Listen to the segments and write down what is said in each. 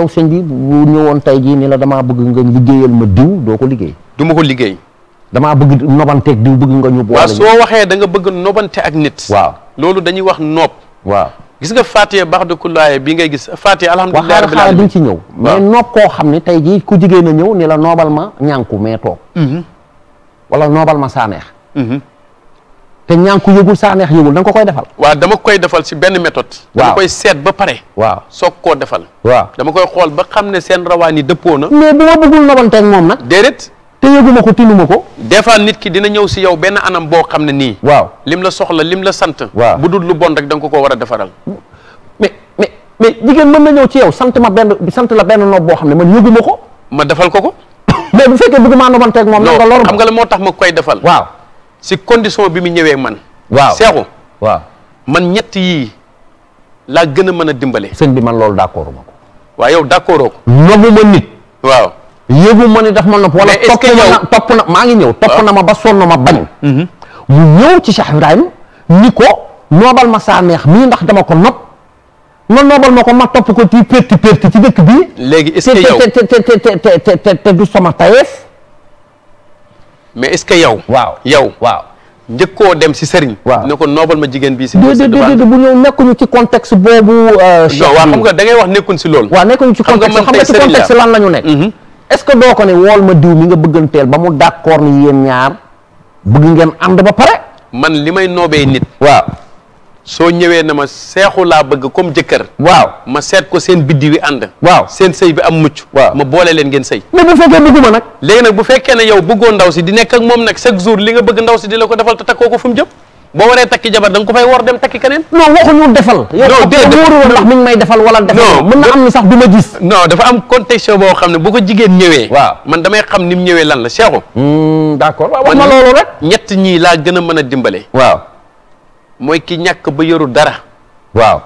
yow sëñ bi bu ñëwoon tey jii ni la damaa bëgg nga liggéeyal ma diw doo ko liggéey. du ma ko liggéey. damaa bëgg nobanteeg diw bëgg nga ñu. boole waaw soo waxee danga bëgg nobante ak nit. waaw loolu dañuy wax noob. waaw gis nga Fatia baax de kullaaye bi ngay gis Fatia. alhamdulilah rabbil alamin duñ ci ñëw. mais noob koo xam ne tey jii ku jigéen a ñëw ni la noobal ma ñànku mais toog. Mm-hmm. wala noobal ma saaneex. Mm-hmm. te ñaan ko yëgul saa neex yëgul da ko koy defal waa dama koy defal si benn méthode dama koy seet ba pare waaw soog koo defal waaw dama koy xool ba xam ne seen rawaan yi dëppoo na mais bu ma bëggul nobanteeg moom nag déedéet te yëguma ko tinuma ko des fois nit ki dina ñëw si yow benn anam boo xam ne nii waaw lim la soxla lim la sant waaw bu dul lu bon rek da nga ko ko war a defaral mais mais mais jigéen mën na ñëw ci yow sant ma benn sant la benn nob boo xam ne man yëguma ko ma defal ko ko mais bu fekkee bëgguma nobanteeg moom na nga loru xam nga la moo tax ma koy defal waaw si condition bi mu ñëwee man. waaw seexu waaw man ñett yii laa gën a mën a dimbale. sëñ bi man loolu d' accord ma ko. waaw yow d' accord nobu ma nit. waaw yëgu daf ma nopp. wala topp na maa ngi ñëw. topp ah. na ma ba sonn ma bañ. Mm-hmm. mu ñëw ci Cheikh Ibrahim ni ko noobal ma saa neex mii ndax dama ko nopp. nga noobal ma ko ma topp ko ci perti perti ci dëkk bi. léegi est ce yow te te te te te te du sama tayeef. mais est-ce que yow. waaw yow waaw. njëkkoo dem si sëriñ. waaw ne ko noobal ma jigéen bii. si déedéet déedéet bu ñëw nekkuñu ci contexte boobu. Euh, non waaw xam nga da ngay wax nekkuñ si loolu. waaw nekkuñu ci contexte xam nga ci contexte lan la ñu nekk. Mhm. est-ce que doo ko ne wool ma diw mi nga bëgganteel ba mu d'accord ni yéen ñaar bëgg ngeen ànd ba pare. man li may noobee nit. waaw soo ñëwee na ma seexu laa bëgg comme jëkkër waaw ma seet ko seen biddi wi ànd waaw seen sëy bi am mucc waaw ma boole leen ngeen sëy mais bu fekkee bëgguma nag léegi nag bu fekkee ne yow bëggoo ndaw si di nekk ak moom nag chaque jour li nga bëgg ndaw si di la ko defal te takkoo ko fu mu jëm boo waree takki jabar da nga ko fay war dem takki keneen non waxuñu defal yow wóoru ndax mi ngi may defal wala defal mën na am ni sax bi ma gis non dafa am contexte boo xam ne bu ko jigéen ñëwee waaw man damay xam ni mu ñëwee lan la seexu hmm, d'accord waaw wax ma rek ñett ñii laa gën a mën a dimbale waaw mooy ki ñàkk ba yoru dara waaw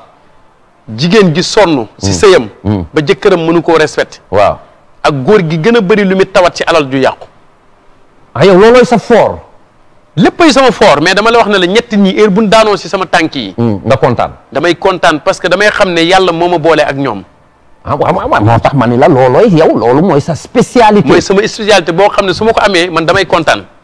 jigéen ji sonn si mm. sëyam mm. ba jëkkëram mënu koo respecté waaw ak góor gi gën a bëri lu muy tawat ci alal ju yàqu ah yow loolooy sa fort léppay sama fort mais dama la wax ne la ñetti ñi heure buñ daanoo si sama tànk yi mm, nga kontaan damay kontaan parce que damay xam ne yàlla moo ma boole ak ñoom ah waaw waaw moo tax ma ni la loolooy yow loolu mooy sa spécialité mooy sama spécialité boo xam ne su ma ko amee man damay kontaan